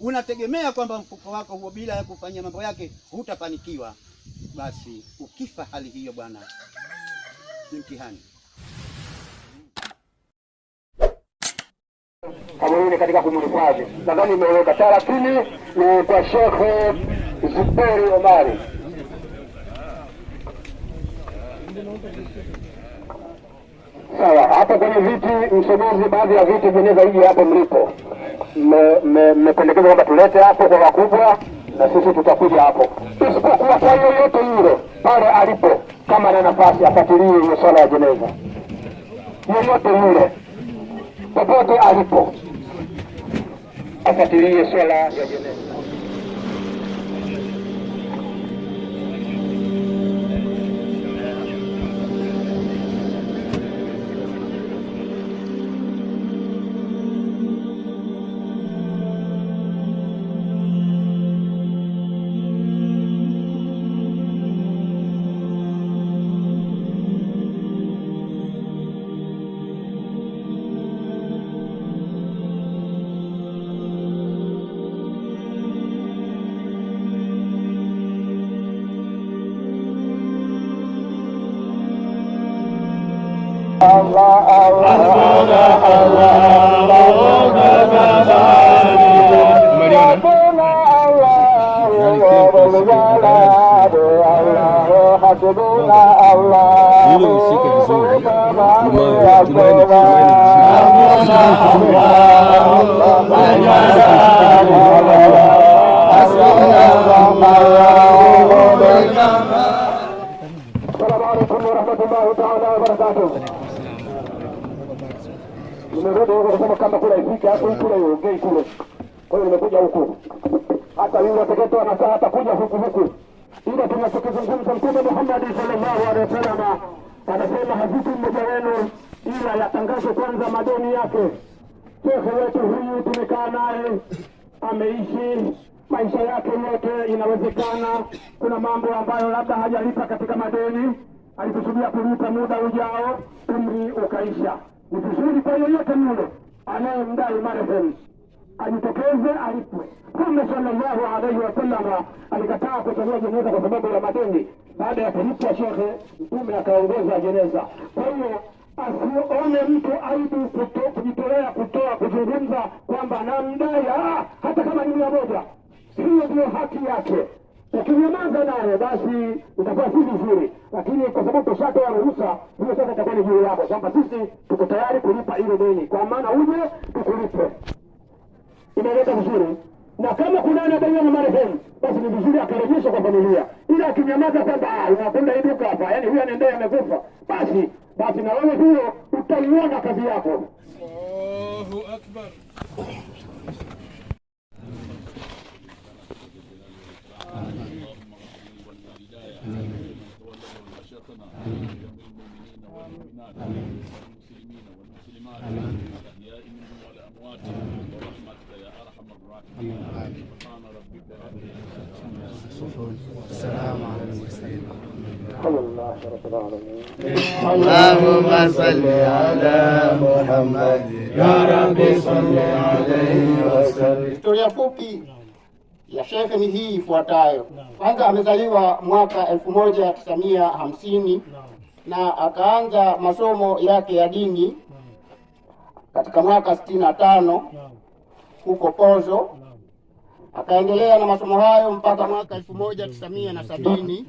unategemea kwamba mfuko wako huo bila ya kufanya mambo yake hutafanikiwa, basi ukifa hali hiyo, bwana, ni mtihani. Kameruni katika kumurikwazi, nadhani imeweka thelathini ni kwa Shekhe Zuberi Omari. Sawa, hapo kwenye viti, msomaji, baadhi ya viti vinaweza hivi hapo mlipo mmependekeza kwamba tulete hapo kwa wakubwa, na sisi tutakuja hapo, isipokuwa kwa yoyote yule pale alipo, kama ana nafasi afuatilie hiyo swala ya jeneza, yoyote yule popote alipo afuatilie swala ya jeneza. hilo lishike vizuri, nimekuja kama kula ifike hapo kule iongei kule. Kwa hiyo nimekuja huku, hata yule atakayepewa nasaha atakuja huku huku tunachokizungumza Mtume Muhammad sallallahu alaihi wasallam anasema haziki mmoja wenu ila yatangazwe kwanza madeni yake. Shekhe wetu huyu tumekaa naye, ameishi maisha yake yote. Inawezekana kuna mambo ambayo labda hajalipa katika madeni, alikusudia kulipa muda ujao, umri ukaisha. Ni vizuri kwa yoyote yule anayemdai marehemu ajitokeze alipwe. Mtume sallallahu alaihi wasallam alikataa kutolewa jeneza kwa sababu ya madeni. Baada ya kulipwa, shekhe, mtume akaongoza jeneza. Kwa hiyo asione mtu aibu kujitolea kutoa, kuzungumza kwamba namdai, ah, hata kama ni mia moja, hiyo ndio haki yake. Ukinyamaza nayo basi utakuwa si vizuri, lakini kwa sababu tushatoa ruhusa hiyo, sasa itakuwa ni juu yako kwamba sisi tuko tayari kulipa ile deni, kwa maana uje tukulipe inaleta vizuri, na kama kuna anadaiwa na marehemu, basi ni vizuri akarejeshwa kwa familia, ila akinyamaza kwamba ah, unakwenda hii duka hapa, yani huyu anaendea amekufa, basi basi na wewe huyo utaiona kazi yako. Allahu akbar. Historia fupi ya shekhe ni hii ifuatayo. Kwanza amezaliwa mwaka elfu moja tisa mia hamsini na akaanza masomo yake ya dini katika mwaka sitini na tano huko Pozo. Akaendelea na masomo hayo mpaka mwaka elfu moja tisa mia na sabini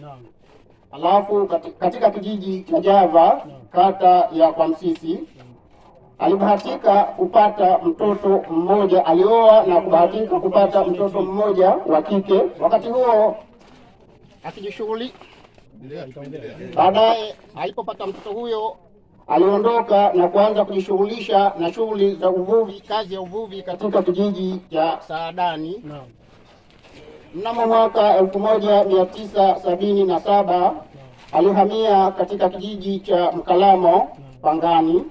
alafu katika kijiji cha Java kata ya Kwamsisi alibahatika kupata mtoto mmoja, alioa na kubahatika kupata mtoto mmoja wa kike, wakati huo akijishughuli Baadaye alipopata mtoto huyo aliondoka na kuanza kujishughulisha na shughuli za uvuvi, kazi ya uvuvi katika kijiji cha Saadani. Mnamo mwaka elfu moja mia tisa sabini na saba alihamia katika kijiji cha Mkalamo Pangani.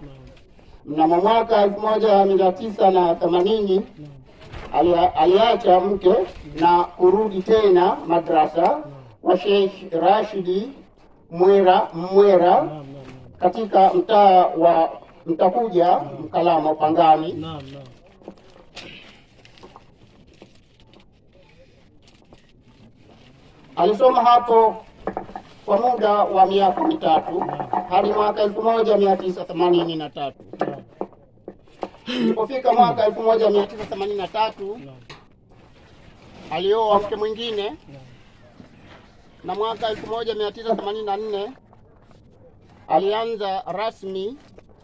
Mnamo mwaka elfu moja mia tisa na themanini aliacha mke na kurudi tena madrasa wa Sheikh Rashidi Mwera Mwera katika mtaa wa Mtakuja Mkalama Pangani. Alisoma hapo kwa muda wa miaka mitatu hadi mwaka 1983. Ilipofika mwaka 1983 alioa mke mwingine na mwaka 1984 alianza rasmi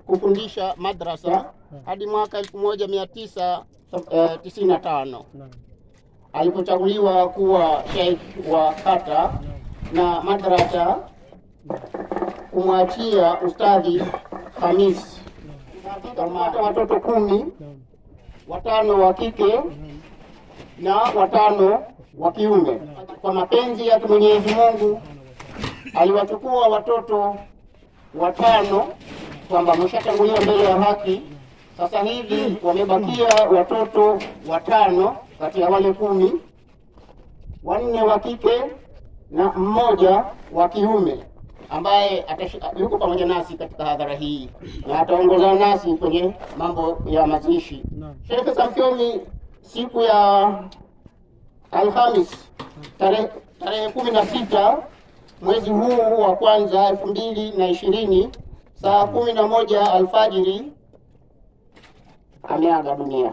kufundisha madrasa hadi mwaka 1995 alipochaguliwa kuwa sheikh wa kata na madrasa kumwachia Ustadhi Hamis kamata watoto kumi, watano wa kike na watano wa kiume. Kwa mapenzi ya Mwenyezi Mungu aliwachukua watoto watano, kwamba wameshatanguliwa mbele ya haki. Sasa hivi wamebakia watoto watano kati ya wale kumi, wanne wa kike na mmoja wa kiume ambaye yuko pamoja nasi katika hadhara hii na ataongoza nasi kwenye mambo ya mazishi. Sheikh Samsoni siku ya Alhamis tarehe kumi na sita mwezi huu wa kwanza elfu mbili na ishirini saa kumi na moja alfajiri ameaga dunia.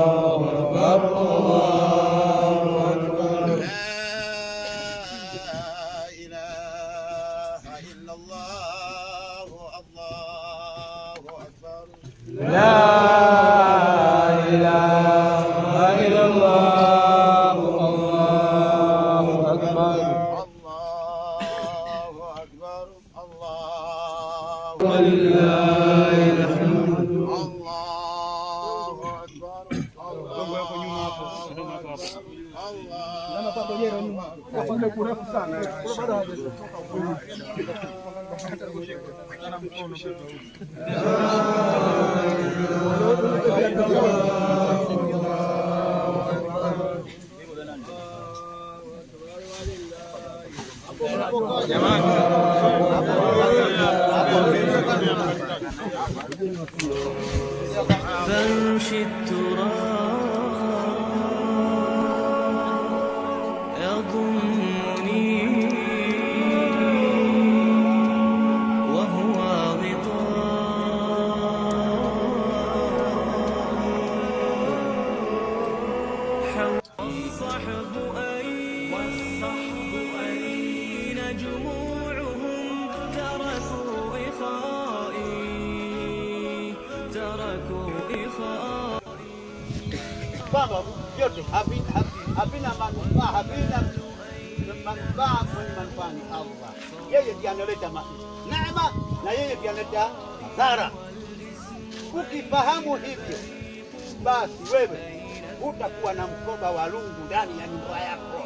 فامشي التراب يضم mfano vyote havina manufaa, havina manufaa. kwenye manufaa ni Allah, yeye ndiye analeta neema na yeye ndiye analeta hasara. Ukifahamu hivyo, basi wewe utakuwa na mkoba wa lungu ndani ya nyumba yako.